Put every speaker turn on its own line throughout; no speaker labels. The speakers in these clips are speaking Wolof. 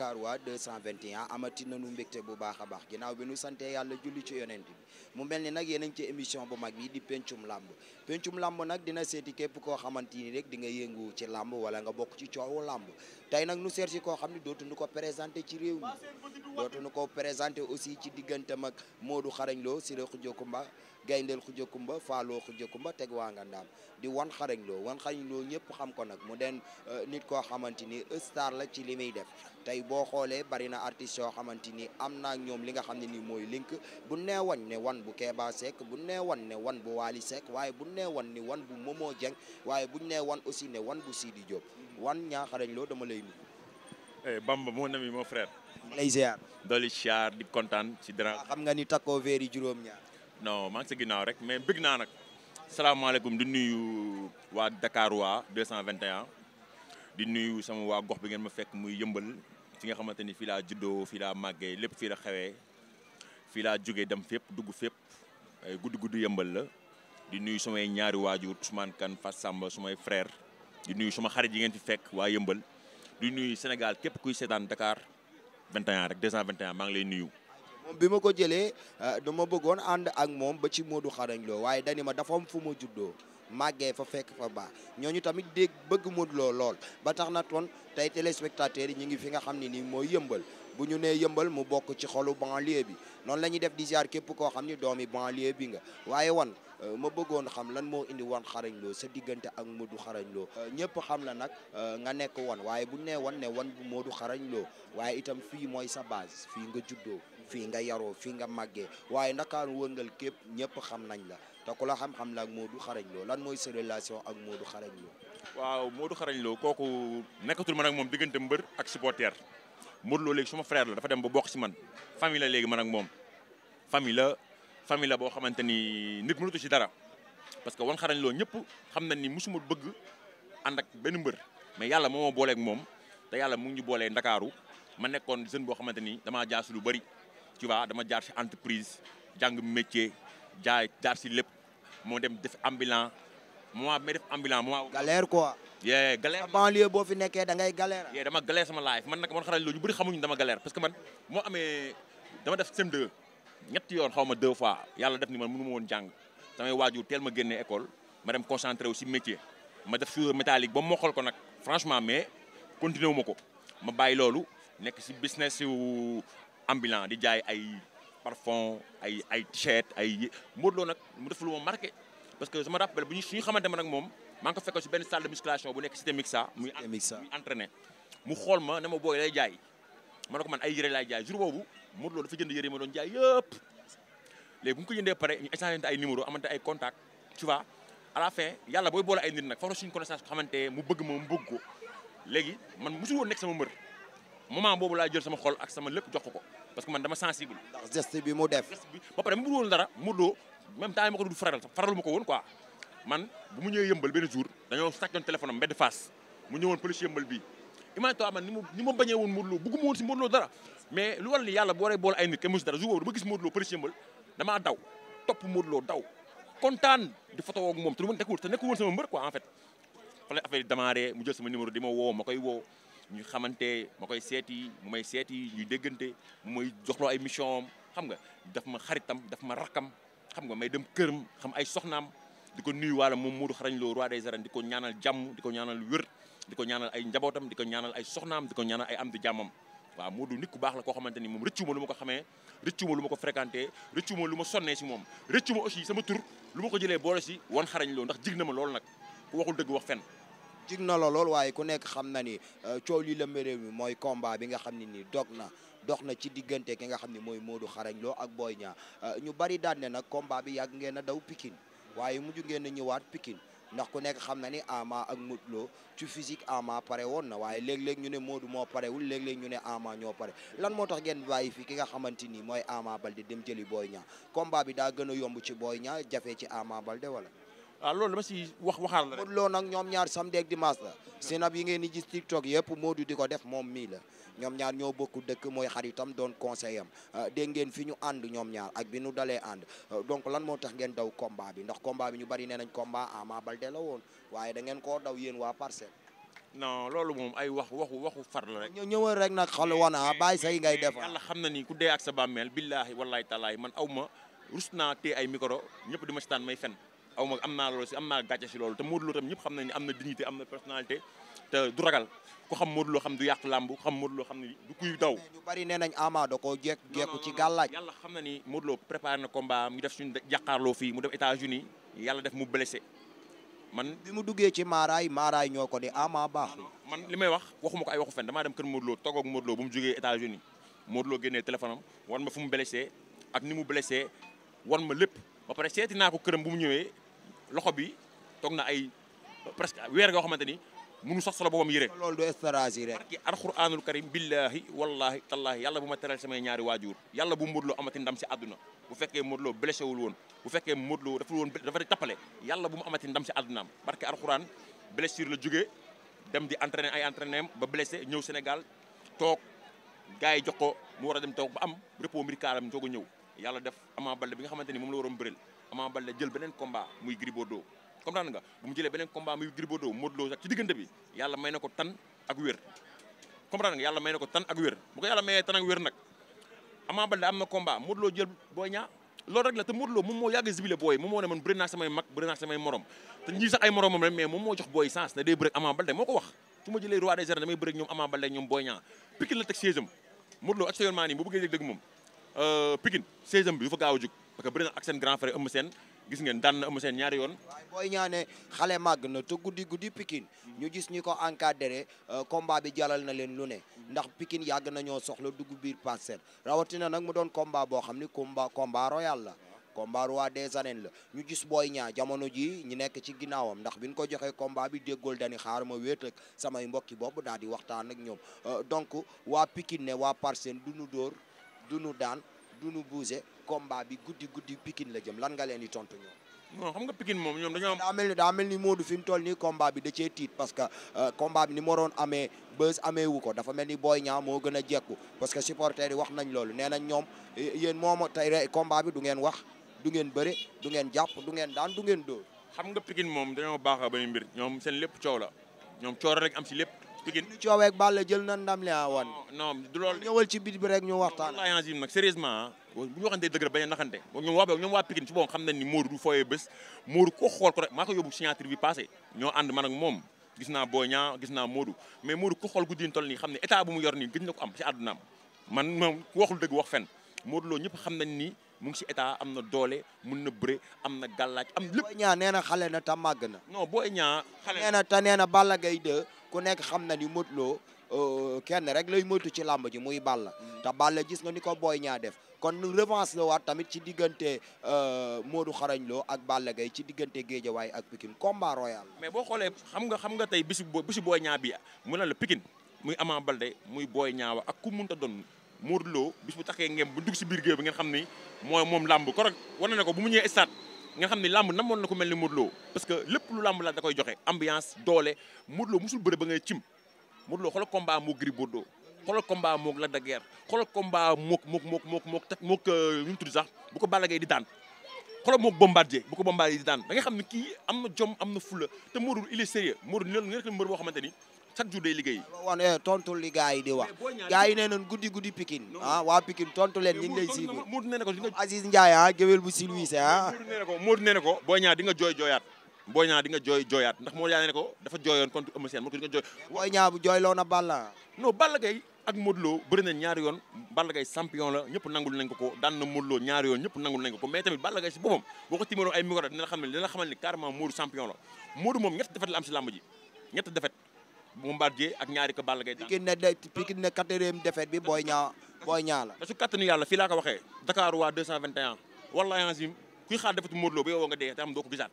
Dakar waa 221 amati nañu mbégte bu baax a baax ginnaaw bi nu sante yàlla julli ci yonent bi mu mel ni nag yéen a ngi ci émission bu mag bi di pencum làmb pencum làmb nag dina seeti képp koo xamante ni rek di nga yëngu ci làmb wala nga bokk ci coow làmb tey nag nu seet si koo xam ne dootuñu ko présenté ci réew mi dootuñu ko présenté aussi ci digganteem ak moodu xarañ loo Siré Khoudia Koumba Gayndeel Khoudia Koumba Faaloo Khoudia Koumba teg waa nga ndaam di wan xarañ loo wan xarañ loo ñëpp xam ko nag mu den euh, nit koo xamante ni star la ci li muy def tey boo xoolee bari na artistes yoo xamante ni am naa ñoom li nga xam ne nii mooy link bu neewañ ne wan bu Kéba Seck bu neewan ne wan bu Waly Seck waaye bu neewan ni wan bu Momo Dieng waaye buñ neewan aussi ne wan bu Sidi Diop wan ñaa xarañ loo dama lay nuyu. Eh, Bamba lay ziar.
dolli ziar kontaan ci dara. xam nga ni takkoo veer yi juróom-ñaar. non maa ngi sa ginnaaw rek mais bëgg naa nag. salaamaaleykum di nuyu waa Dakar waa 221. di nuyu sama waa gox bi ngeen ma fekk muy yëmbal fi nga xamante ni fii laa juddoo fii laa màggee lépp fii la xewee fii laa jóge dem fépp dugg fépp gudd gudd yëmbal la. di nuyu sumay ñaari waajur Ousmane Kane Fass Samba sumay frère di nuyu suma xarit ji ngeen fi fekk waa Yëmbal di nuyu Sénégal képp kuy seetaan dakaar 21 rek 221 maa ngi lay moom bi ma ko
jëlee euh, dama bëggoon ànd ak moom ba ci Modou xarañ lo waaye dani ma dafa am fu ma juddoo màggee fa fekk fa baax ñooñu tamit dégg bëgg Modou Lo lool ba tax na toon tey téléspectateurs yi ñu ngi fi nga xam ni nii mooy yëmbal bu ñu nee yëmbal mu bokk ci xolu banlieue bi noonu la ñuy def di ziar képp koo xam ni doomi banlieue bi nga waaye wan Euh, ma bëggoon xam lan moo indi wan xarañ loo sa diggante ak du xarañ loo euh, ñëpp xam la nag euh, nga nekk wan waaye bu nee wan ne wan moo du xarañ loo waaye itam fii mooy sa base fii nga juddoo fii nga yaroo fii nga màggee waaye ndakaar wërngal képp ñëpp xam nañ la te ku la xam-xam la ak du xarañ loo lan mooy sa relation ak Modou xarañ loo
waaw Modou xarañ loo kooku nekkatul ma ak moom diggante mbër ak supporter Modou Lo léegi suma frère la dafa dem ba bokk ci man famille léegi man ak moom famille boo xamante ni nit mënatu ci dara parce que wan xarañ loo ñëpp xam na ni musuma bëgg ànd ak benn mbër mais yàlla moo ma booleeg moom te yàlla mu ngi ñu boolee ndakaaru ma nekkoon jeune boo xamante ni damaa jaar si lu bëri tu vois dama jaar si entreprise jàng métier jaay jaar si lépp moo dem def ambulant moment bi may def ambulant moment.
galère quoi.
yee galère
banlieue boo fi nekkee da ngay galère.
yee dama galère sama life man nag loo ñu bëri dama galère parce que man moo amee dama def CM2 ñetti yoon xaw ma deux fois yàlla def ni man mënu ma woon jàng samay waajur teel ma génne école ma dem concentré aussi métier ma def soudure métallique ba mokkal ko nag franchement mais continué wu ma ko ma bàyyi loolu nekk si business yu ambulant di jaay ay parfum ay ay t-shirt ay Modou Lo mu def lu ma marqué parce que je me rappelle bu ñu suñu xamante ma moom maa ngi ko fekk si benn salle de musculation bu nekk si cité Mixa muy entraîné mu xool ma ne ma booy lay ma ko man ay yére laay jaay jour boobu Modou Lo dafa jënd yére ma doon jaay yëpp léegi bu ko jëndee pare ñu échangé ay numéro amante ay contact tu vois à fin yàlla booy boole ay nit nag foofu suñu connaissance xamante mu bëgg ma mu bëgg ko léegi man mosul woon nekk sama mbër moment boobu laa jël sama xol ak sama lépp jox ko parce que man dama sensible. ndax
geste bi mu def. woon bi
ba pare mu bëggoon dara Modou Lo ko doon faral faralu ma ko woon quoi man bu mu ñëwee yëmbal benn jour dañoo sàccoon téléphone am mbedd face mu ñëwoon police yëmbal imagine-toi man ni mu ni ma bañee woon Modou Lo bëgguma woon si Modou Lo dara mais lu war li yàlla boo waree boole ay nit kenn mësu dara jour daw topp Modou daw kontaan di photo moom te ma nekkul te nekkul woon sama mbër quoi en fait fa la affaire yi mu jël sama numéro di ma woo ma koy woo ñu xamante ma koy seeti may seeti ñuy déggante mu may joxloo ay mission xam nga daf ma xaritam daf ma rakkam xam nga may dem këram xam ay soxnaam di ko nuyu waala moom Modou xarañ Lo roi des arènes di ko ñaanal jàmm di ko ñaanal wér di ko ñaanal ay njabootam di ko ñaanal ay soxnaam di ko ñaanal ay am di jàmmam waaw Modou nit ku baax la koo xamante ni moom rëccu ma lu ma ko xamee rëccu ma lu ma ko fréquenté rëccu ma lu ma sonnee si moom rëccu ma aussi sama tur lu ma ko jëlee boole si wan xarañ loolu ndax jig na ma loolu nag ku waxul dëgg wax fen
jig na la lool waaye ku nekk xam na ni euh, coow lii la mbéréew mi mooy combat bi nga xam ne nii dog na dox na ci diggante ki nga xam ne mooy Modou xarañ loo ak Boy Niang euh, ñu bari daan nag combat bi yàgg ngeen a daw Pikine waaye mujj ngeen a ñëwaat Pikine ndax ku nekk xam na ni Ama ak Modou loo ci physique Ama pare woon na waaye léeg-léeg ñu ne Modou moo parewul léeg-léeg ñu ne Ama ñoo pare lan moo tax ngeen bàyyi fi ki nga xamante ni mooy Ama Balde dem jëli Boy Niang combat bi daa gën a yomb ci Boy Niang jafe ci Ama de wala waaw ah, loolu ma si wax waxaal la rek. loolu nag ñoom ñaar samedi ak dimanche la. sinab yi ngeen di gis TikTok yëpp Modou di ko def moom mii la. ñoom ñaar ñoo bokk dëkk mooy xaritam doon conseil am ah, dégg ngeen fi ñu ànd ñoom ñaar ak bi ñu dalee ànd ah, donc lan moo tax ngeen daw combat bi ndax combat bi ñu bari nee nañ combat Ama Baldé la woon waaye dangeen ngeen koo daw yéen waa parcelle.
non loolu moom ay wax waxu waxu far la rek.
ñëwal rek nag xol wana bàyyi say ngay def.
xam na ni ku dee ak sa bàmmeel billaahi wallaahi taalaahi man aw ma rus naa téye ay micro ñëpp di ma may fen aw ma am naa loolu si am naa gàcce si loolu te Modou Lo tam ñëpp xam na dignité am na personnalité du ragal ku xam Modou xam du yàq làmb du kuy daw. ñu da koo jekk jekku ci xam na ni Modou Lo préparé na combat mu def suñu jàkkaarloo def États-Unis
ñoo ko ni Ama baaxul.
man li may wax waxuma ko ay waxu fen damaa dem kër Modou Lo toog ak mu jógee États-Unis Modou Lo génnee wan ma fu mu blessé ak ni mu blessé wan ma lépp ba pare seeti naa ko këram bu mu ñëwee loxo bi toog na ay presque weer yoo xamante ni mënu sax solo boobam yére. loolu du stratégie rek. barki alxuraanul karim billahi wallahi tallahi yàlla bu ma teral samay ñaari waajur yàlla bu Modou Lo amati ndam si àdduna bu fekkee Modou Lo blessé wul woon bu fekkee Modou Lo dafa woon dafa di tappale yàlla bu mu amati ndam si àddunaam barki alxuraan blessure la jógee dem di entraîné ay entraîné ba blessé ñëw Sénégal toog gars yi jox ko mu war a dem toog ba am repos médical am soog a ñëw yàlla def amaa Baldé bi nga xamante ni moom la waroon bëreel Ama Baldé jël beneen combat muy Gris Bordeaux comprendre nga bu mu jëlee beneen combat muy Gris Bordeaux ci diggante bi yàlla may na ko tan ak wér comprendre nga yàlla may na ko tan ak wér bu ko yàlla mayee tan ak wér nag Ama Baldé am na combat Modou Lo jël Boy Niang loolu rek la te Modou Lo moom moo yàgg a zibilé booy moom moo ne man bëri naa samay mag bëri naa samay morom te ñii sax ay moromam rek mais moom moo jox booy sens ne day bëri Ama Baldé moo ko wax su ma jëlee roi des arènes damay bëri ñoom Ama Baldé ñoom Boy Niang Pikine la teg euh, bi gaaw a jug parce que bëri na grand frère Eumeu gis ngeen daan na ñaari yoon
waaye booy ñaane xale màgg na te guddi guddi Pikine ñu gis ñi ko encadré euh, combat bi jalal na leen lu ne ndax Pikine yàgg nañoo soxla dugg biir parcelle rawatina nag mu doon combat boo xam ni combat combat royal la combat roi des arènes la ñu gis booy ñaa jamono ji ñu nekk ci ginnaawam ndax bi ñu ko joxee combat bi déggool dani xaar ma wéet ak samay mbokki bopp daal di waxtaan ak ñoom euh, donc waa Pikine ne waa Parcelles du duñu bouger combat bi guddi guddi Pikine la jëm lan nga leen di tontu ñoom. non xam nga Pikine moom ñoom dañoo am. daa mel ni daa mel ni Modou fi mu toll nii combat bi da cee tiit parce que euh, combat ni mu waroon amee bës amee ko dafa mel ni Boy Niang moo gën a jekku parce que supporters yi wax nañ loolu nee nañ ñoom yéen moom tey combat bi du ngeen wax du ngeen bëre du ngeen jàpp du ngeen daan du ngeen dóor.
xam nga Pikine moom dañoo baax a benn ñoom seen lépp coow la ñoom coow rek am si lépp Pikine
cooweeg Balla jël na ndam li wan.
non du loolu ñëwal ci bit bi rek ñu waxtaan. wallaahi en nag dëgg rek bañ naxante ñoom waa ñoom waa Pikine ci boobu xam nañ ni Modou du fooyee bés Modou ko xool ko rek maa naa Boy mais Modou xool guddi toll nii xam ne état bu mu yor nii gëj na ko am ci àddunaam man ku waxul dëgg wax fen Modou Lo ñëpp xam nañ ni mu ngi si état am na doole mun na bëre am na gàllaaj am lépp.
ñaa Niang nee na xale na ta màgg na.
non Boy Niang
xale nee na te nee na ku nekk xam na ni Modou Lo euh, kenn rek la lay moytu ci làmb ji muy Balla mm. ta Balla gis nga ni ko booy Niang def kon revanche la waat tamit ci diggante euh, Modou Xarañ loo ak Balla Gaye ci diggante géej a waay ak Pikine combat royal
mais boo xoolee xam nga xam nga tey bisu bisu Boy Niang bi mu ne la Pikine muy Ama Baldé muy Boy Niang ak ku munta doon Modou loo bis bu taxee ngeen bu dugg si biir géew bi ngeen xam ni mooy moom lamb korog war na ne ko bu mu ñëwee stade nga xam ne na moon na ko mel ni Modou Lo parce que lépp lu làmb la da koy joxe ambiance doole Modou Lo musul bëre ba ngay cim Modou Lo xoolal combat moo Gris Bordeaux xoolal combat moog Lac de Guiers xoolal combat moog moog moog moog moog ta moog ñu euh, tudd sax bu ko Balla di daan xoolal moog Bombardier bu ko Bombardier di daan da nga xam ne kii am na jom am na fula te Modou il est sérieux Modou ni loolu nga nekk boo xamante ni chaque jour day liggéey
wan eh, tontu li gars yi di guddi guddi Pikine ah, waa Pikine tontu leen ñi ngi lay ko Aziz Ndiaye ah géwél bu silwiise ah
Modou nee na ko Modou nee na jooyaat Boy Niang di jooyaat ndax moo yaa ne ko dafa jooyoon contre Eumeu Sène moo ko di nga jooy
Boy Niang bu jooyloo na Balla
non Balla Gaye ak Modou Lo bëri na ñaari yoon Balla Gaye champion la ñëpp nangul nañ ko ko daan na Modou Lo ñaari yoon ñëpp nangul nañ ko ko mais tamit Balla Gaye si boppam boo ko timéroon ay micro la xam ne dina la xamal ni carrément Modou champion Bombardier ak ñaari ko Balla Gaye daan. Pikine
ne Pikine ne quatrième défaite bi Boy Niang Boy Niang la.
te su yàlla fii laa ko waxee. dakaar waa 221. wallaahi azim kuy xaar defatu Modou Lo ba yow nga dee te am doo ko gisaat.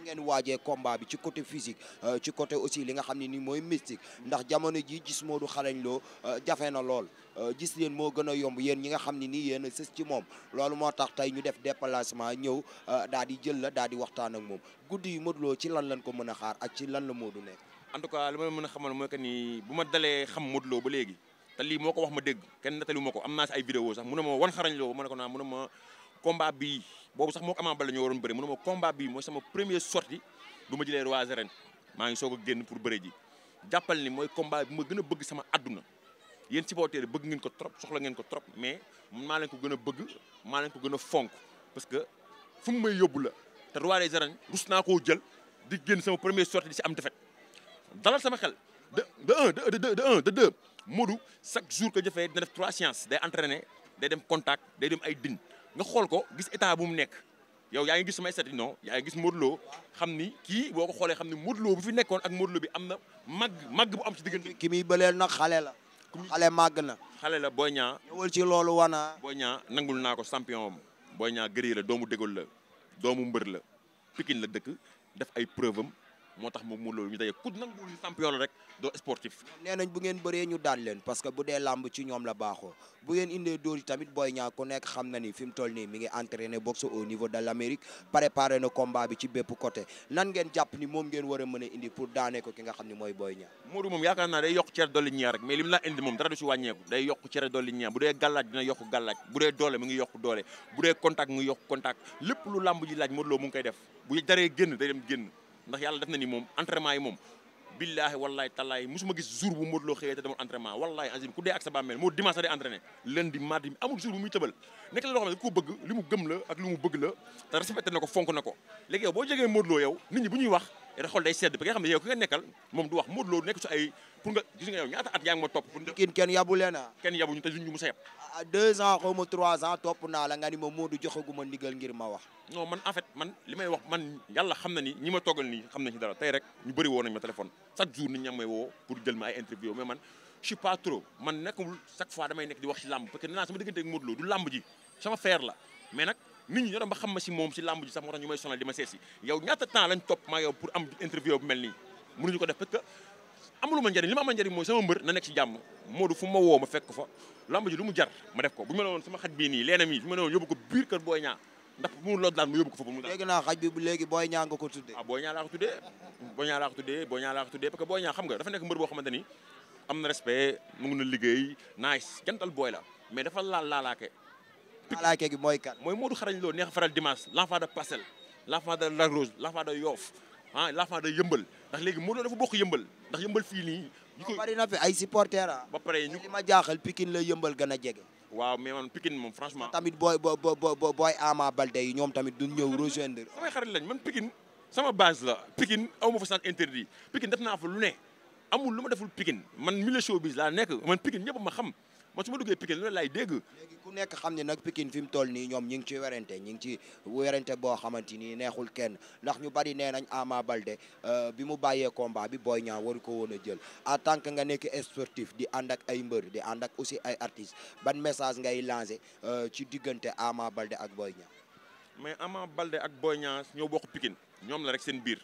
ngeen waajee komba bi ci côté physique euh, ci côté aussi li nga xam ne ni mooy mystique ndax jamono ji gis Modou xarañ loo euh, jafe na lool euh, gis leen moo gën a yomb yéen ñi nga xam ne nii yéen a sës ci moom loolu moo tax tey ñu def déplacement ñëw daal di jël la daal di waxtaan ak moom guddi yu Modou ci lan lañ ko mën a xaar ak ci lan la Modou nekk.
en tout cas li ma mën a xamal mooy moo ko wax ma dégg kenn nettali ma ko am naa si ay vidéo sax ma wan xarañ loo ma ne ma combat bii boobu sax moo ko Ama Baldé ñoo waroon bëri mu ne mooy sama première ma jëlee roi a génn pour bëri ji jàppal ni mooy combat bi ma gën a bëgg sama àdduna yéen supporters bëgg ngeen ko trop soxla ngeen ko trop mais maa leen ko gën a bëgg maa leen ko gën a fonk parce que fu mu may yóbbu la te roi des rus naa ko jël di génn sama première sortie si am defet dalal sama xel de de un de de de un de deux Modou chaque jour que jëfee dina def trois séances day entraîné day dem contact day dem ay din nga xool ko gis état bu mu nekk yow yaa ngi gis samay set non yaa ngi gis Modou Lo xam ni kii boo ko xoolee xam ni Modou Lo bu fi nekkoon ak Modou Lo bi am na màgg màgg bu am ci diggante. ki muy bëleel nag xale la. xale màgg na. xale la Boy Niang. ñëwal
ci loolu wana.
Boy Niang nangul naa ko champion am Boy Niang gëri la doomu dégol la doomu mbër la Pikine la dëkk def ay preuve am moo tax moom Modou Lo ñu daje ku nanguwul champion la bu ngeen bëree ñu daan leen parce que bu
dee làmb ci ñoom la baaxoo bu ngeen indee dóor yi tamit Boy Niang ku nekk xam na ni fi mu toll nii mi ngi entraîné boxe au niveau de l'Amérique préparé na combat bi ci bépp côté nan ngeen jàpp ni moom ngeen war a mën indi pour daanee ko ki nga xam ni mooy Boy Niang.
Modou moom yaakaar naa day yokk cere dolli ñaar rek mais lim la indi moom dara du si wàññeeku day yokk cere dolli ngi yokk doole bu dee contact lépp lu làmb ji laaj Modou Lo koy def bu daree génn day dem ndax yàlla def na ni moom entraînement yi moom billaahi wallaahi tallaahi musuma gis jour bu Modou Lo xëyee te demoon entraînement wallaahi azim ku dee ak sa bàmmeel moo dimanche day entraîné lundi mardi amul jour bu muy tëbal nekk la loo xam ne ko bëgg li mu gëm la ak li mu bëgg la te respecté na ko fonk na ko léegi yow boo jegee Modou Lo yow nit ñi bu ñuy wax xol day sedd bi nga xam ne yow ki nga nekkal moom du wax Modou Lo nekk su ay pour nga gis nga yow ñaata at yaa ngi ma topp pour kin kenn yabu leen a kenn yabu ñu te ñu mu sa yab ah, ah, deux man en fait man wax man yàlla xam na ni ñi ma toggal nii xam nañ ci dara tey rek ñu bëri woo nañ ma téléphone chaque jour nit ña may woo pour jël ma ay interview mais man je suis pas trop man nekkul chaque fois damay nekk di wax ci làmb parce que nee sama diggante ak du làmb nit ñi ñoo dem ba xam ma si moom si làmb ji sax moo tax ñu may sonal di ma seet si yow ñaata temps lañ ma njëriñ li ma jàmm Modou fu ma woo ma fekk fa lu mu jar ma def ko bu ma woon sama xaj bi bu léegi Boy Niang nga ko tuddee ah Boy Niang laa ko tuddee Boy Niang laa ko tuddee Boy Niang laa ko tuddee parce que Boy am na respect mu na liggéey nice jantal booy la mais dafa laal laalaake alaake gi mooy moo mooy Modou xarañ loo neex faral dimanche l'enfant a Parcelles l'enfant de Lac Rose l'enfant de Yoff ah l'enfant de yëmbal ndax léegi Modou dafa bokk yëmbal ndax yëmbal fii nii ñu ko ay supporters ah. ba pare ñu ma
jaaxal Pikine la yëmbal gën a jege
waaw mais man Pikine moom franchement
tamit booy booy booy Ama Baldé yi ñoom tamit du ñëw rejoindre
samay xarit lañ man Pikine sama base la Pikine aw ma fa sant interdit Pikine def naa fa lu ne amul lu ma deful Pikine man milieu showbiz laa nekk man Pikine ñëpp ma xam man su ma duggee Pikine loolu laay dégg. ku nekk xam ne nag Pikine fi mu toll nii ñoom ñi ngi ci werante
ñi ngi ci werante boo xamante ni neexul kenn ndax ñu bari nee nañ Ama Baldé euh, bi mu bàyyee combat bi Boy Niang waru ko woon a jël en tant que nga nekk sportif di ànd ak ay mbër di ànd ak aussi ay artistes ban message ngay lancé euh, ci diggante Ama Baldé ak Boy Niang.
mais Ama Baldé ak Boy Niang ñoo bokk Pikine ñoom la rek seen biir.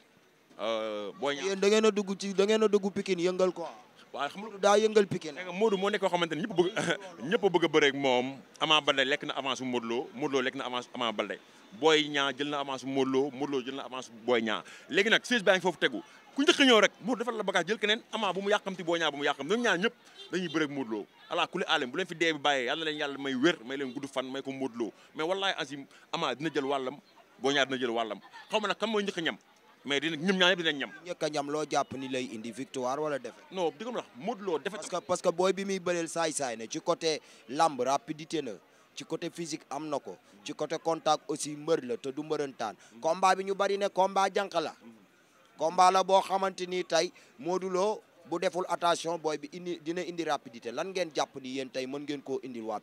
Euh, Boy Niang yéen
da ngeen a dugg ci da ngeen a dugg yëngal ko waaw xam nga daa yëngal Pikine nga Modou moo nekk koo xamante
ne ñëpp bëgg ñëpp a moom Ama Baldé lekk na avance bu Modou lekk na avance Ama Baldé Boy Niang jël na avance bu Modou Lo Modou Lo jël na avance Boy Niang léegi nag siège baa ngi foofu tegu ku njëkk rek Modou defal la bagage jël keneen Ama bu mu yàqamti Boy Niang bu mu yàqam ñoom ñaar ñëpp dañuy bëre ak Modou Lo ala bu leen fi dee bi bàyyee yàlla leen yàlla may wér may leen gudd fan mais dina ñoom ñaar dinañ ñam.
ñëkk ñam loo jàpp ni lay indi victoire wala défaite. non di nga wax Modou Lo défaite. parce que parce bi muy bëreel saay-saay ne ci côté lamb rapidité na ci côté physique am na ko. ci côté contact aussi mbër la te du mbërëntaan. combat bi ñu bari ne combat jànq la. combat la boo xamante ni tey Modou bu deful attention booy bi indi dina indi rapidité lan ngeen jàpp ni yéen tey mën ngeen koo indil waa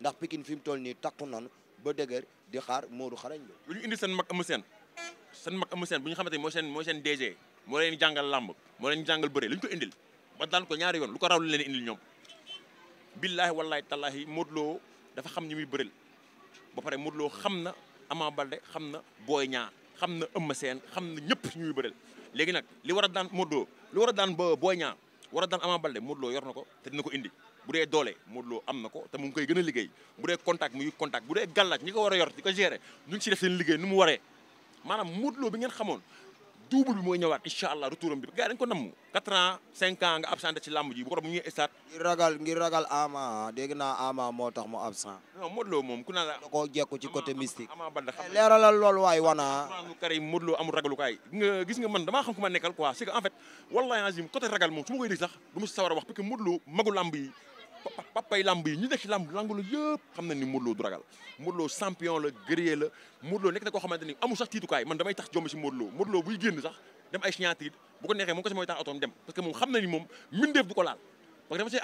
ndax Pikine fi mu toll nii takku nañu ba dëgër di xaar
Modou xarañ lu indi seen mag am seen. seen mag Eumeu Sène bu ñu xamante ni mooy seen mooy seen DG moo leen jàngal làmb moo leen jàngal bëre li ñu ko indil ba daan ko ñaari yoon lu ko raw lu leen indil ñoom billaahi wallaahi tallaahi Modou Lo dafa xam ñi muy bëril ba pare Modou xam na Ama Baldé xam na booy Niang xam na Eumeu Sène xam na ñëpp ñuy bëril léegi nag li war a daan Modou Lo ba Boy Niang a daan Ama Baldé Modou yor na ko te dina ko indi bu dee doole Modou Lo am na ko te mu ngi koy gën a liggéey bu dee contact mu ngi contact bu dee gàllaaj ñi ko war a yor di ko gérer ñu ngi ci def liggéey nu mu waree maanaam Modou bi ngeen xamoon double bi mooy ñëwaat incha allah retouram bi gars dañ ko namm 4 ans 5 ans nga absenté ci làmb ji bu ko doon mu ñëwee stade. ngir ragal ngir ragal
Ama dégg naa Ama moo tax mu absent. non Modou Lo moom ku ne la. da jekku ci côté mystique. Ama
Baldé xam leeralal loolu waay wana. kare Modou Lo amul ragalukaay nga gis nga man damaa xam ku ma nekkal quoi c'est que en fait wallahi azim côté ragal moom su koy dégg sax du ma sawar a wax parce que Modou Lo papay lamb yi ñu nekk ci lamb langolo yëpp xam na ni Modou Lo du ragal Modou champion la guerrier la Modou Lo nekk na koo xamante ni amul sax tiitukaay man damay tax jomb ci Modou Lo Modou Lo buy génn sax dem ay signature bu ko neexee moom ko si mooy tax otoom dem parce que moom xam na ni moom mbindeef du ko laal parce que dafa see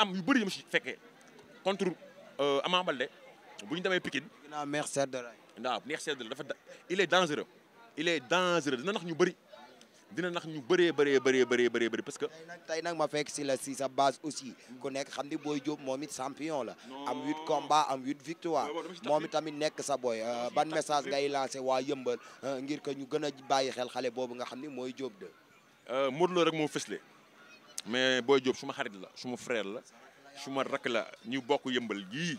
neex sedd la dafa il est dangereux il est dangereux nax ñu bëri dina nax ñu bëree bare bëree bëree bëree bëri parce que
tey nag ma fekk si la si sa base aussi ku nekk xam ni booy Diop moom it champion la am huit combats am huit victoire moom it tamit nekk sa boy euh, ban message ngay lancé waa yëmbal euh, ngir que ñu gën a bàyyi xel xale boobu nga xam ni mooy Diop de
euh, Modou Lo rek moo fësle mais Boy Diop suma xarit la suma frère la suma rakk la ñu bokk yëmbal yii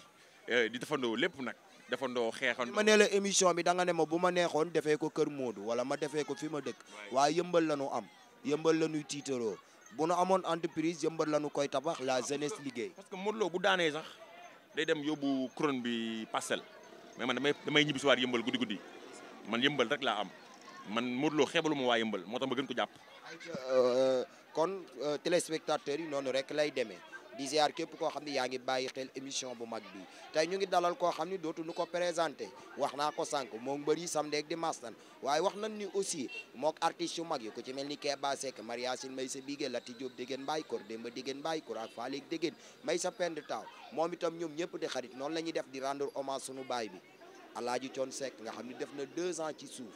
di defandoo lépp nag defandoo xeexandoo ma ne la
émission bi danga ne ma bu ma neexoon defee ko kër Modou wala ma defee ko fi ma dëkk waaye yëmbal la ñu am yëmbal la ñuy tiitaroo bu nu amoon entreprise yëmbal la nu koy tabax la jeunesse liggéey. parce
que Modou Lo bu sax day dem yóbbu couronne bi parcelle mais ma damay damay ñibbi si waat yëmbal guddi guddi man yëmbal rek laa am man Modou Lo xeebalu waa yëmbal moo tax ma gën ko jàpp.
Euh, kon euh, téléspectateurs yi noonu rek lay demee. di ziar képp koo xam ne yaa ngi bàyyi xel émission bu mag bi te ñu ngi dalal koo xam ne dootu nu ko présenté wax naa ko sànq moo mbër sam samedi ak dimanche tan waaye wax nañ ni aussi mook artistes yu mag yi ku ci mel ni Keba Seck Mariasine Maysa Bigué Lati Diop déggéen mbayi kor Demba déggéen mbayi kor ak Falik déggéen Maysa Pend Taw moom itam ñoom ñëpp di xarit noonu la ñuy def di rendre hommage sunu baay bi Alaaji Thione Seck nga xam ne def na deux ans ci suuf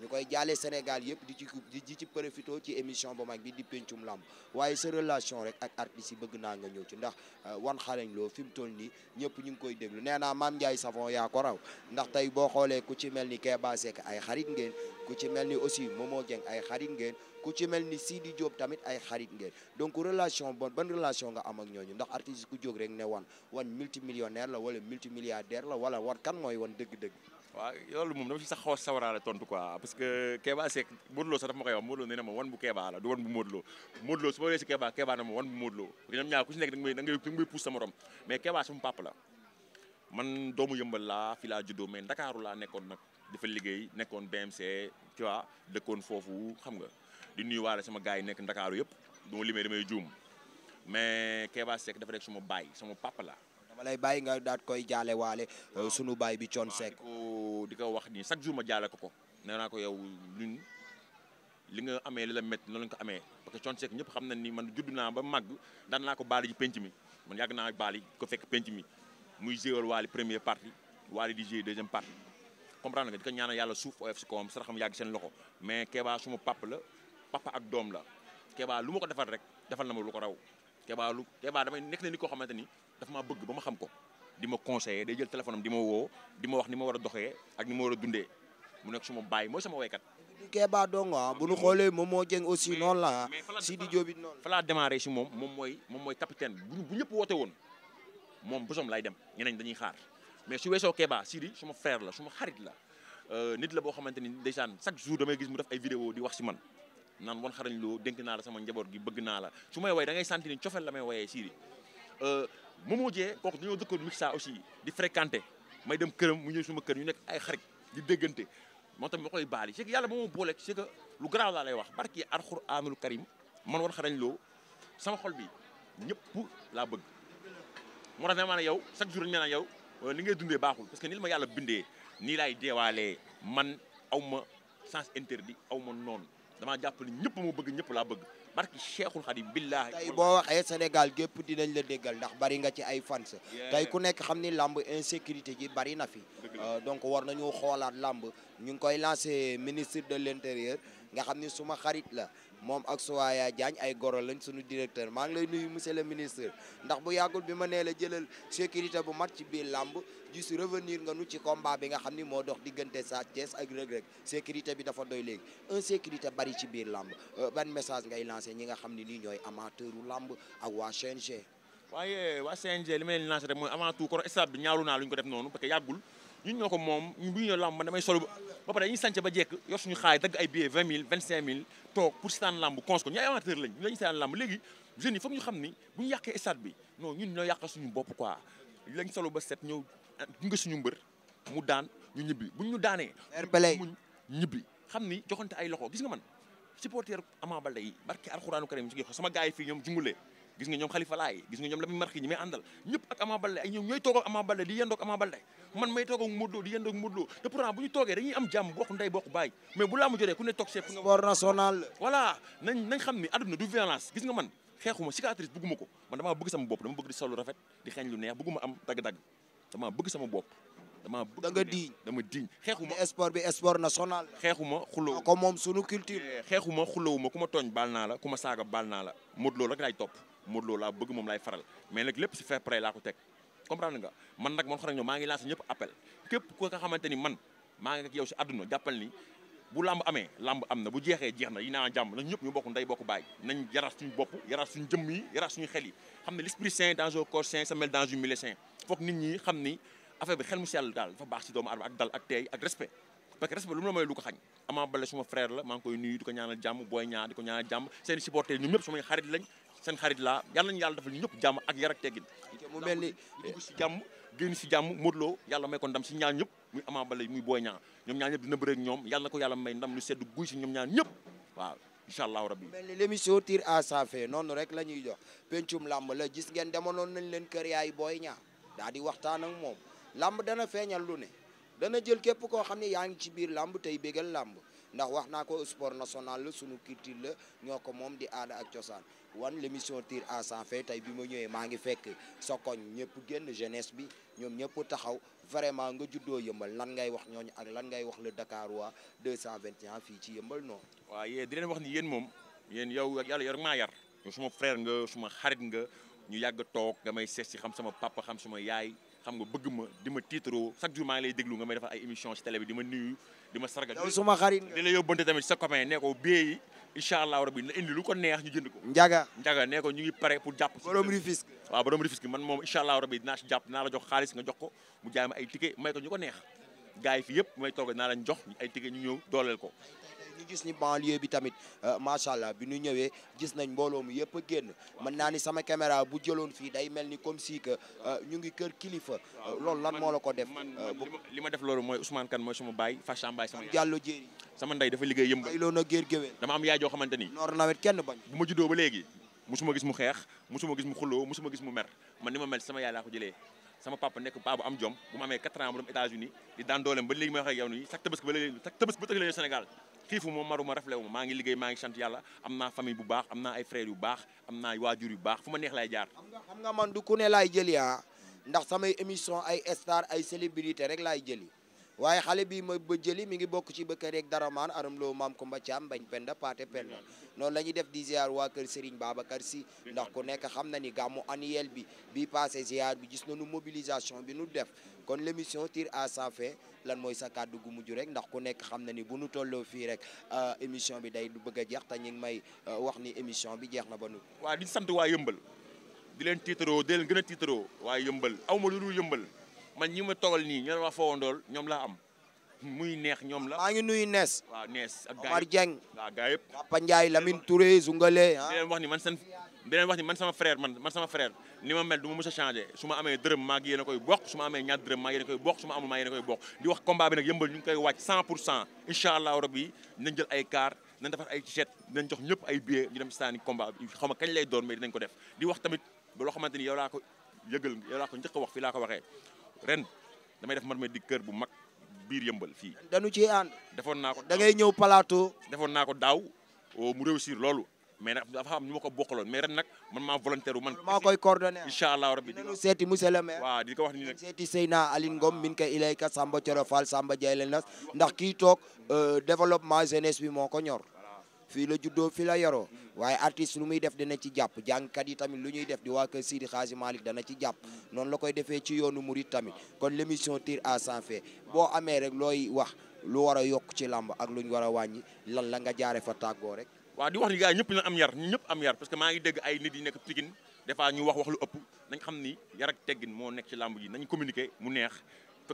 ñu koy jaale Sénégal yëpp di ci di ci profité ci émission bu mag bi di pencum làmb waaye sa relation rek ak artistes yi bëgg naa nga ñëw ci ndax euh, wan xarañ loo fi mu toll nii ñëpp ñu ngi koy déglu nee naa maam Ndiaye Savon yaa ko raw ndax tey boo xoolee ku ci mel ni Kéba Seck ay xarit ngeen ku ci mel ni aussi Momo Dieng ay xarit ngeen ku ci mel ni Sidi Diop tamit ay xarit ngeen donc relation bon ban relation nga am ak ñooñu ndax artiste ku jóg rek ne wan wan multimillionnaire la wala multimilliardaire la wala war kan mooy wan dëgg-dëgg
waaw loolu moom dama ci sax xaw a sawaraale tontu quoi parce que Kéba Seck Modou Lo sax dafa ma koy wax Modou Lo nee wan bu Kéba la du wan bu Modou Lo su ma wee si Kéba Kéba na ma wan bu Modou Lo parce que ñoom ñaar ku morom mais Kéba sama papa man doomu yëmbal laa fi laa juddoo mais ndakaaru laa nekkoon nag dafa liggéey nekkoon BMC tu vois dëkkoon foofu xam nga di nuyuwaale sama gars yi nekk ndakaaru yëpp du ma limee damay mais Kéba Seck dafa rek suma baay sama pap la
dama lay bàyyi nga daat koy jaale waale euh, sunu baay bi Thione Seck ko di
ko wax nii chaque jour ma jaale ko ko nee naa ko yow ñun li nga amee li la métti noonu lañ ko amee parce que Thione ñëpp xam na ni man judd naa ba màgg daan naa ko baali ji penc mi man yàgg naa baali ko fekk penc mi muy géwél waali première partie waali di géwél deuxième partie comprendre nga di ko ñaanal yàlla suuf oyof si kawam saraxam yàgg seen loxo mais Kéba suma papa la papa ak doom la Kéba lu ma ko defal rek defal na ma lu ko raw Kéba lu Kéba damay nekk na ni koo xamante ni dafa maa bëgg ba ma xam ko di ma conseiller day jël téléphone am di ma woo di ma wax ni ma war a doxe ak ni ma war a dundee mu nekk suma baay mooy sama waykat.
Kéba dong ah bu nu xoolee moom moo jëng aussi
noonu la ah. Sidi Diop it noonu. fa laa démarré moom moom mooy moom mooy capitaine bu ñëpp woote woon moom bosom lay dem ñeneen dañuy xaar mais su weesoo Kéba Sidi suma frère la suma xarit la euh, nit la boo xamante ni ndeysaan chaque jour damay gis mu def ay vidéo di wax si man. naan wan xarañ loo dénk naa la sama njaboot gi bëgg naa la su may way da ngay sentir cofeel la may wayee Sidy euh, Momo moo kooku dañoo dëkkoon mixa aussi di fréquenté may dem këram mu ñëw suma kër ñu nekk ay xarit di déggante moo tax ma koy baal yi c'est que yàlla moo ma booleeg c'est que lu garaaw laa lay wax barki alxuraanul karim man wan xarañ loo sama xol bi ñëpp laa bëgg moo tax ne yow chaque jour ñu naan yow euh, li ngay dundee baaxul parce que ni la ma yàlla bindee nii laay deewaalee man aw ma sens interdit aw ma noonu damaa jàpp ne ñëpp moo bëgg ñëpp laa bëgg barki Cheikhul Khadim billahi tey boo
waxee Sénégal gépp dinañ la déggal ndax bari nga ci ay fans tey ku nekk xam ni làmb insécurité ji bari na fi euh, donc war nañu xoolaat làmb ñu ngi koy lancé ministre de l'intérieur nga xam ni suma xarit la moom ak Suwaaya Diagne ay goro lañ sunu directeur maa ngi lay nuyu monsieur le ministre ndax bu yàggul bi ma nee la jëlal sécurité bu mat ci biir làmb ju si revenir nga nu ci combat bi nga xam ni moo dox diggante Sa Thiès ak Reug Reug sécurité bi dafa doy léegi un sécurité bari ci biir làmb euh, ban message ngay lancé ñi nga xam ni nii ñooy amateuru lamb ak waa CNG.
waaye waa CNG li ma leen lancé rek mooy avant tout kon stade bi naa lu ñu ko def noonu parce que ñun ñoo ko moom ñu bu ñu lamb man damay solo ba pare dañuy sànce ba jekk yor suñu xaay dagg ay billets vingt mille vingt cinq mille toog pour seetaan lamb cons ko ñu ay amateur lañ ñu lañu ñu xam ni bu ñu yàqee ba set ñëw nga suñu mbër mu ñu ñibbi buñ ñu daanee muñ ñibbi xam ni joxante ay loxo gis nga man supporter Ama Baldé yi barke alxuraanu karim ci sama gars yi fii ñoom jungulee gis nga ñoom Khalifa Laay gis nga ñoom Lamine Marquis ñi may àndal ñëpp ak Ama Baldé ay ñoom ñooy toog ak Ama Baldé di yendoog Ama Baldé man may toog ak Modou Lo di yendoog Modou Lo te bu ñu toogee dañuy am jàmm bokk ndey bokk baay mais bu laamu jotee ku ne toog seep nga sport national voilà nañ nañ xam ni àdduna du violence gis nga man xeexuma cicatrice bëgguma ko man damaa bëgg sama bopp dama bëgg di sol rafet di xeeñ lu neex bëgguma am dagg-dagg dama bëgg da nga diñ dama diñ xeexuma sport bi sport national xuloo ko moom sunu culture eh, xeexuma xulowuma ku ma tooñ baal naa la ku ma saaga baal naa la Modou Lo rek laay moo Lo laa bëgg moom laay faral mais nag lépp si fair play laa ko teg comprendre nga man nag man maa ngi lancé ñëpp appel képp ko nga xamante ngi ak yow si àdduna jàppal ni bu làmb amee na bu jeexee jeex na yi naa jàmm ñëpp ñu bokk ndey bokk baay nañ yaraat suñu bopp yaraat suñu jëmm yi yaraat suñu xel yi xam ne l'esprit sain dans un corps ni affaire xel mu sell daal dafa baax si doomu aadama ak dal ak teey ak respect lu mu la may lu ko xañ Ama Baldé suma frère la maa koy nuyu di ko ñaanal jàmm booy ñaar di ko ñaanal jàmm seen supporter ñoom ñëpp sumay xarit lañ seen xarit laa yal nañu yàlla defal ñëpp jàmm ak yar ak teggin mu mel ni dugg si jàmm génn si jàmm Modou Lo yàlla may ko ndam si ñaan ñëpp muy Ama Baldé muy Boy Niang ñoom ñaar ñëpp dina bëre ak ñoom yàlla na ko yàlla may ndam lu sedd guy si ñoom ñaar ñëpp waaw incha allahu rabbi mel
ni l'émission tire à sa noonu rek la ñuy jox pencum làmb la gis ngeen demoon nañ leen kër yaay booy Niang daa di waxtaan ak moom làmb dana feeñal lu ne dana jël képp koo xam ne yaa ngi ci biir làmb tey bégal làmb ndax wax naa ko sport national la culture la ñoo ko moom di aada ak cosaan wan l'émission Tir à san fin tey bi ma ñëwee maa ngi fekk sa koñ ñëpp génn jeunesse bi ñoom ñëpp taxaw vraiment nga juddoo yëmbal lan ngay wax ñooñu ak lan ngay wax le Dakarois 221 fii ci yëmbal noonu.
waaw yéen di leen wax ni yéen moom yen yow ak yàlla yor maa yar suma frère nga suma xarit nga ñu yàgg toog nga may sees si xam sama papa xam sama yaay xam nga bëgg ma di ma tiitaroo chaque jour maa ngi lay déglu nga may defal ay émission si télé bi di ma nuyu di ma sargal. yow suma xarit nga di la yóbbante tamit sa copain ne ko yi incha allah rabi na indi lu ko neex ñu jënd ko njaga njaga nee ñu ngi pare pour jàpp borom Rufisque waaw borom Rufisque man moom incha allah rabi dinaa si jàpp dinaa la jox xaalis nga jox ko mu jaay ay tige may ko ñu ko neex gars yi fi yëpp may toog naa lañ jox ay tige ñu ñëw dooleel ko
ñu gis ni banlieue bi tamit euh, macha allah bi nu ñëwee gis nañ mbooloo mu yëpp a génn mën naa ni sama caméra bu jëloon fii day mel ni comme si que euh, ñu ngi kër kilifa euh, loolu lan moo la ko def.
li ma def loolu mooy Ousmane Kane mooy sama baay Facha Mbaye sama jàllo jéeri sama ndey dafa liggéey yëmb. dama am yaay joo xamante ni. noor nawet kenn bañ. bu ma juddoo ba léegi musuma gis mu xeex musuma gis mu xuloo musuma gis mu mer man ni ma mel sama yaay laa sama papa nekk paa fii ma maru ma raflé wu ma maa ngi liggéey maa ngi sant yàlla am naa famille bu baax am naa ay frères yu baax am naa waajur yu baax fu ma neex laay jaar
xam nga man du ku ne laay jël ah ndax samay émission ay star ay célébrité rek laay jëli waaye xale bii ma ba jëli mi ngi bokk ci bëkk rek dara maan aram loo maam Kumba Caam bañ penda paate penda noonu la ñuy def di ziar waa kër Serigne Babacar si ndax ku nekk xam na ni gàmmu annuel bi bi passé ziar bi gis nu mobilisation bi nu def kon l'émission tire à sa lan mooy sa kàddu gu mujj rek ndax ku nekk xam na ni bu nu tolloo fii rek euh, émission bi day du bëgg a jeex te ñu ngi may
euh, wax ni émission bi jeex na ba nu. waa di sant waa yëmbal di leen tiitaroo di leen gën a yëmbal aw ma yëmbal. man ñi ma toogal nii ñoo ma fawandool ñoom laa am muy neex ñoom la. maa ngi nuyu Nees. waaw Nees ak Omar Dieng. waaw gars yëpp.
Papa Ndiaye Lamine Touré Zoungale. ah
beneen wax ni man seen beneen ni sama frère ni ma mel du ma mës su ma amee dërëm maa ngi yéen a koy bokk su ma amee ñaar dërëm maa ngi yéen koy bokk su ma amul maa ngi yéen a koy bokk di wax combat bi nag yëmbal ñu ngi koy wàcc 100 pour cent incha allah rabbi dinañ jël ay car dinañ defar ay t-shirt dinañ jox ñëpp ay billets ñu dem saani combat bi ma kañ lay doon mais dinañ ko def di wax tamit ba loo xamante ni yow laa ko yëgal yow laa ko wax fii laa ko waxee ren damay def man ma di kër bu mag biir yëmbal fii. danu ci ànd. defoon naa ko da ngay ñëw plateau. defoon naa ko daaw oh, mu réussir loolu mais na dafa am ñu ma ko bokkaloon mais ren nag man maa volontaire wu ma maa koy coordonné incha allah rabbi di
seeti monsieur le maire. di ko wax ni nag seeti Seyna Aline Ngom min ka ilayka Samba Thioro Fall Samba Diaye Lenas ndax kii toog euh, développement jeunesse bi moo ko ñor. fii la juddoo fii la yaroo waaye artiste lu muy def dana ci jàpp jàngkat yi tamit lu ñuy def di waa kër Sidi Xaaji Malick dana ci jàpp noonu la koy defee ci yoonu murit tamit kon l'émission tire à sans boo amee rek looy wax lu war a yokk ci làmb ak lu ñu war a wàññi lan la nga jaare fa tàggoo rek
waa di wax ni gaa yi ñëpp na am yar ñu ñëpp am yar parce que maa ngi dégg ay nit yi nekk Pikine des fois ñu wax wax lu ëpp nañ xam ni yar teggin moo nekk ci làmb yi nañ communiquer mu neex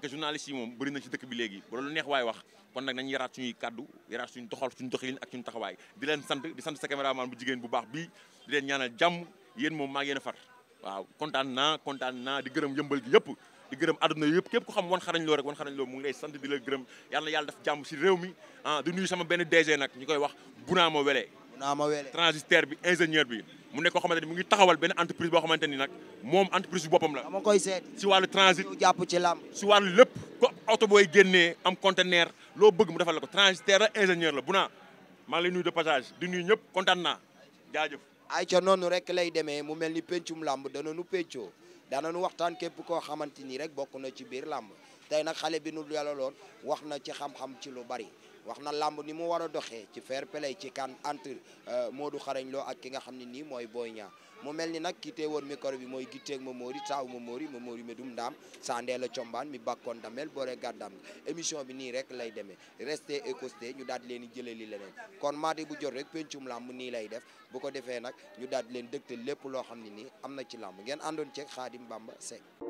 parce que yi moom bëri na ci dëkk bi léegi ba lu neex waay wax kon nag nañ yaraat suñuy kàddu yaraat suñu doxal suñu doxalin ak suñu taxawaay di leen sant di sant sa caméraman bu jigéen bu baax bi di leen ñaanal jàmm yéen moom maa ngi yéen far waaw kontaan naa kontaan naa di gërëm yëmbal gi yëpp di gërëm àdduna yëpp képp ku xam wan xarañ loo rek wan xarañ loo mu ngi lay sant di la gërëm yàlla yàlla def jàmm si réew mi ah di nuyu sama benn nag ñu koy wax Bunaama Wele Bunaama Wele transitaire bi ingénieur bi mu nekk koo xamante ni mu ngi taxawal benn entreprise boo xamante ni nag moom entreprise bu boppam la. dama koy seet si wàllu transit jàpp ci lamb si wàllu lépp ko oto booy génnee am conteneur loo bëgg mu defal la ko transitaire la ingénieur la bu na maa ngi lay nuyu de passage di nuyu ñëpp kontaan naa jaajëf.
ay ca noonu rek lay demee mu mel ni pencum làmb dana nu pencoo dana nu waxtaan kepp koo xamante ni rek bokk na ci biir làmb tey nag xale bi nu yàlla loon wax na ci xam-xam ci lu bari. wax na làmb ni mu war a doxee ci feer play ci kan entre euh, Modou Xarañ loo ak ki nga xam ne nii mooy Boy Niang mu mel ni nag ki woon micro bi mooy gitteeg Momori taaw Momori Momori Medum Ndaam sandee la combaan mi bakkoon damel boore gàddam émission bi nii rek lay demee resté écosté ñu daal di leen jëlee li leneen kon maate bu jot rek pencum làmb nii lay def bu ko defee nag ñu daal di leen dëgtal lépp loo xam ne nii am na ci làmb ngeen àndoon ceeg Xaadim Bamba Seck